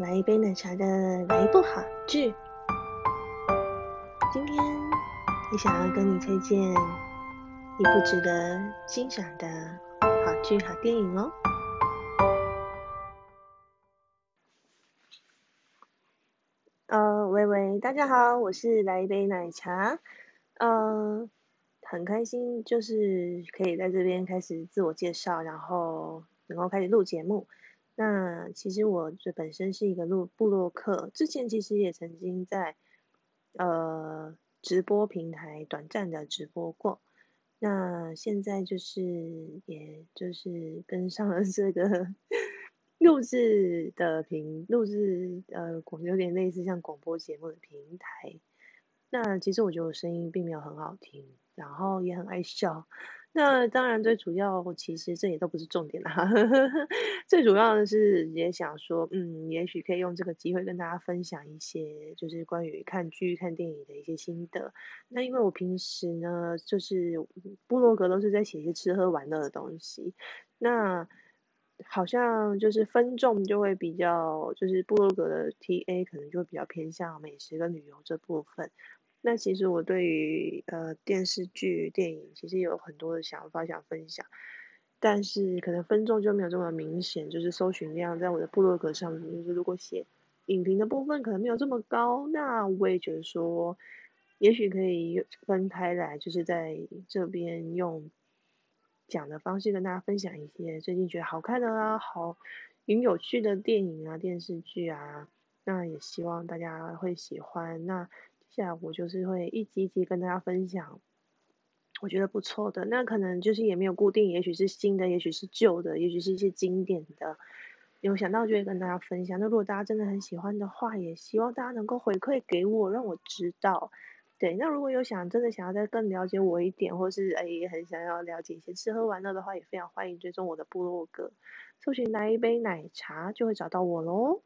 來一杯奶茶的，來一部好劇。今天也想要跟你推薦一部值得欣賞的好劇、好電影哦。呃，喂喂，大家好，我是來一杯奶茶。嗯、呃，很開心，就是可以在這邊開始自我介紹，然後能夠開始錄節目。那其實我這本身是一個洛部落客，之前其實也曾經在呃直播平台短暫的直播過，那現在就是也就是跟上了這個錄製的平錄製呃有點類似像廣播節目的平台，那其實我覺得我聲音並沒有很好聽，然後也很愛笑。那當然，最主要其實這也都不是重點啦，啊。最主要的是也想說，嗯，也許可以用這個機會跟大家分享一些，就是關於看劇、看電影的一些心得。那因為我平時呢，就是部落格都是在寫一些吃喝玩樂的東西，那好像就是分眾就會比較，就是部落格的 TA 可能就會比較偏向美食跟旅遊這部分。那其實我對於呃電視劇、電影其實有很多的想法想分享，但是可能分眾就沒有這麼明顯，就是搜尋量在我的部落格上，就是如果寫影評的部分可能沒有這麼高，那我也覺得說，也許可以分開來，就是在這邊用講的方式跟大家分享一些最近覺得好看的啊、好、很有趣的電影啊、電視劇啊，那也希望大家會喜歡那。下午就是會一集一集跟大家分享，我覺得不錯的。那可能就是也沒有固定，也許是新的，也許是舊的，也許是一些經典的，有想到就會跟大家分享。那如果大家真的很喜歡的話，也希望大家能夠回饋給我，讓我知道。對，那如果有想真的想要再更了解我一點，或是誒也、哎、很想要了解一些吃喝玩樂的話，也非常歡迎追蹤我的部落格，搜尋“來一杯奶茶”就會找到我嘍。